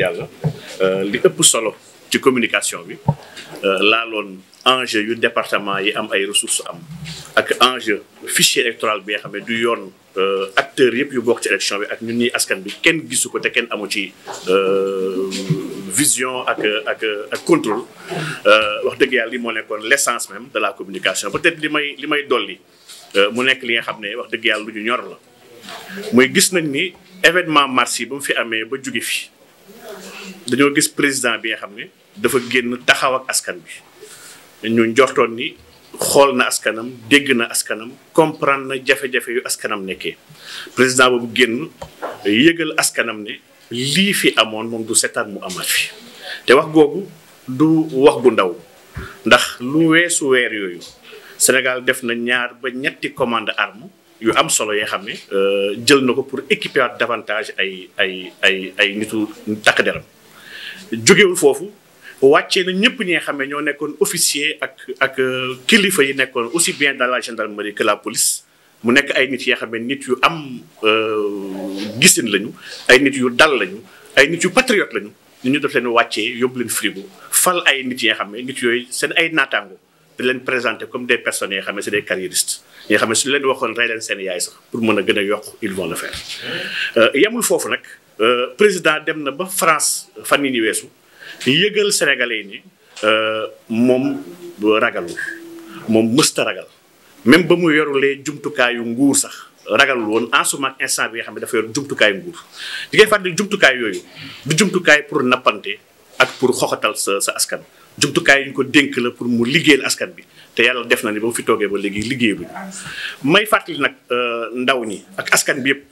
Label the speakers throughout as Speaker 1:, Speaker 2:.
Speaker 1: yàlla euh, li ëpp solo ci communication bi euh, laaloon enjeu yu département yi am ay ressources am ak enjeu fichier électoral bi nga xam ne du yoon euh, acteurs yëpp yu bokk ci élection bi ak ñun ni askan bi kenn gisu ko te kenn amu ci vision ak ak ak contrôle wax dëgg yàlla li moo nekkoon l'essence même de la communication peut-être li may li may dolli mu nekk li nga xam ne wax dëgg yàlla lu ñu ñor la muy gis nañ ni événement mars yi ba mu fi amee ba jóge fi dañoo gis président bi nga xam ne dafa génn taxaw ak askan bi ñu njortoon ni xool na askanam dégg na askanam comprendre na jafe-jafe yu askanam nekkee président bu génn yëgal askanam ne lii fi amoon moom du seetaan mu amaat fi te wax googu du wax gu ndaw ndax lu weesu weer yooyu Sénégal def na ñaar ba ñetti commande arme yu am solo yoo xam ne euh, jël na ko pour équiper davantage ay ay ay ay nitu takk deram jógewul foofu wàccee na ñëpp ñi nga xam ne ñoo nekkoon officier ak ak euh, kilifa yi nekkoon aussi bien dans la gendarmerie que la police mu nekk ay nit yoo xam ne nit yu am euh, gisin lañu ay nit yu dal lañu ay nit yu patriote lañu ñu ñu def leen wàccee yóbbu leen frigo fal ay nit yi nga xam ne nit yooy seen ay naataango di leen présenter comme des personnes yi nga xam ne c'est des carriéristes yi nga xam leen waxoon rey leen seen yaay sax pour mën a gën a yokk ils vont le faire euh, yemul foofu nag. Euh, président dem na ba France fan yii weesu yëgal sénégalais yi ni euh, moom ragalul moom mësta ragal même ba mu yorulee jumtukaayu nguur sax ragalul woon en ce instant bi nga xam ne dafa yor jumtukaayu nguur di jumtukaay yooyu du jumtukaay pour nappante ak pour xoxatal sa sa askan jumtukaay yi ñu ko dénk la pour mu liggéeyal askan bi te yàlla def na ni ba mu fi toogee ba léegi liggéeyaluñu may fàttali nag euh, ndaw ñi ak askan bi yëpp.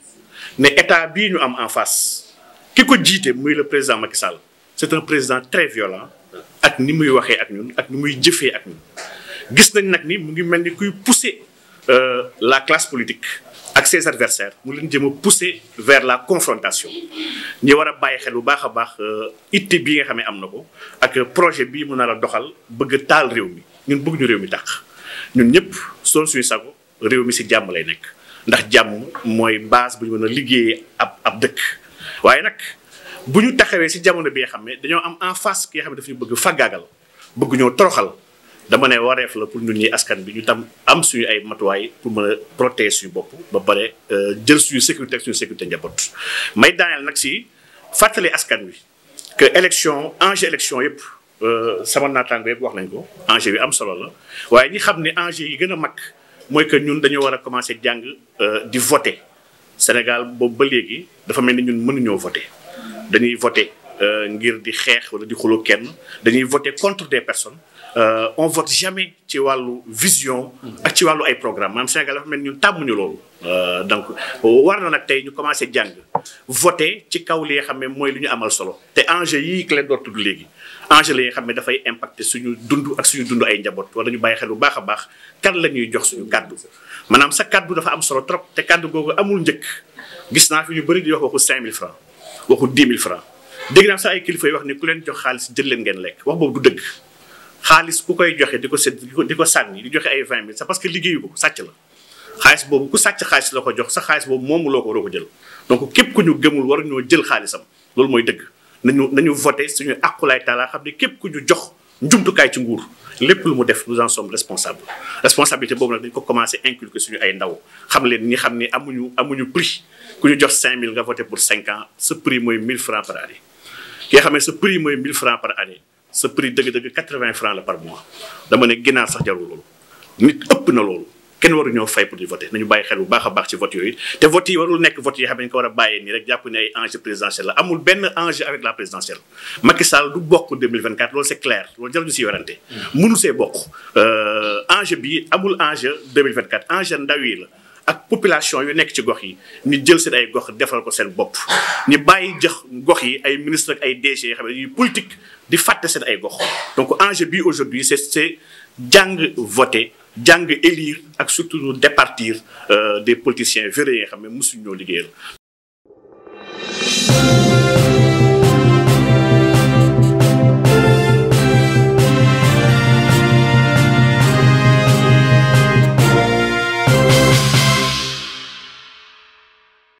Speaker 1: ne état bii ñu am en face ki ko jiite muy le président Macky Sall c'est un président très violent ak ni muy waxee ak ñun ak ni muy jëfee ak ñun gis nañ nag ni mu ngi mel ni kuy pousser euh, la classe politique ak ses adversaires mu leen jëm a pousser vers la confrontation ñi war a bàyyi xel bu baax a baax euh, itte bii nga xam ne am na ko ak projet bii mu nar a doxal bëgg taal réew mi ñun bëgg ñu réew mi tàq ñun ñëpp soon suñu sago réew mi si jàmm lay nekk ndax jàmm mooy base bu ñu mën a liggéeyee ab dëkk waaye nag bu ñu taxawee si jamono bi nga xam ne dañoo am en face ki nga xam ne ñu bëgg faggaagal bëgguñoo ñoo toroxal dama ne wareef la pour ñun ñi askan bi ñu tam am suñu ay matuwaay pour mën a protéger suñu bopp ba pare euh, jël suñu sécurité ak suñu sécurité njaboot. may daaneel nag si fàttali askan wi que élection enjeu élection yëpp euh, sama naataango yëpp wax nañ ko enjeu bi am solo la waaye ñi xam ne enjeu yi mooy que ñun dañoo war a commencer jàng euh, di voter Sénégal boobu ba léegi dafa mel ni ñun mënuñoo voter dañuy voter euh, ngir di xeex wala di xuloo kenn dañuy voter contre des personnes euh, on vote jamais ci wàllu vision ak ci wàllu ay programme maanaam Sénégal dafa mel ni ñun tàmmuñu loolu Euh, donc war na nag tey ñu commencé jàng voté ci kaw li nga xam ne mooy lu ñu amal solo te enjeu yi clé door tudd léegi enjeu la nga xam ne dafay impacté suñu dund ak suñu dund ay njaboot wala ñu bàyyi xel bu baax a baax kan la ñuy jox suñu kàddu maanaam sa kàddu dafa am solo trop te kàddu googu amul njëkk gis naa fi ñu bëri di wax waxu 5000 francs waxu 10 000 francs dégg sax ay kilifa yi wax ni ku leen jox xaalis jël leen ngeen lekk wax boobu du dëgg xaalis ku koy joxe di ko sedd di ko sànni que liggéeyu ko sàcc xaalis boobu ku sàcc xaalis la ko jox sa xaalis boobu moomu loo ko waroo ko képp ku ñu gëmul war ñoo jël xaalisam loolu mooy dëgg nañu nañu voté suñu àqulaay taalaa xam ne képp ku ñu jox njumtukaay ci nguur lépp lu mu def en sommes responsables responsabilité boobu nag dañ ko commencé inculquer suñu ay ndaw xam leen ñi xam ne amuñu amuñu prix ku ñu jox mille nga voté pour 5 ans sa prix mooy 1000 francs par année ki nga xam ne sa prix mooy 1000 francs par année sa prix dëgg-dëgg 80 francs la par mois dama ne ginaar sax jarul loolu nit ëpp na loolu kenn waru ñoo fay pour di voter nañu bàyyi xel bu baax a baax ci vote yooyu te vote yi warul nekk vote yi xam ne ko war a bàyyee nii rek jàpp ne ay enjeu présidentiel la amul benn enjeu avec la présidentielle Macky Sall du bokk loolu c'est clair loolu jarul ñu siy werante mënu see bokk euh, enjeu bi amul enjeu 2024 enjeu ndaw yi la ak population yu nekk ci gox yi ñu jël seen ay gox defal ko seen bopp ñu bàyyi jëx gox yi ay ministre ay DG yoo xam ne yu di fàtte seen ay gox donc enjeu bi aujourd'hui c'est c'est jàng voter jàng élire ak surtout ñu départir euh, des politiciens véreux yi xam ne mosuñ ñoo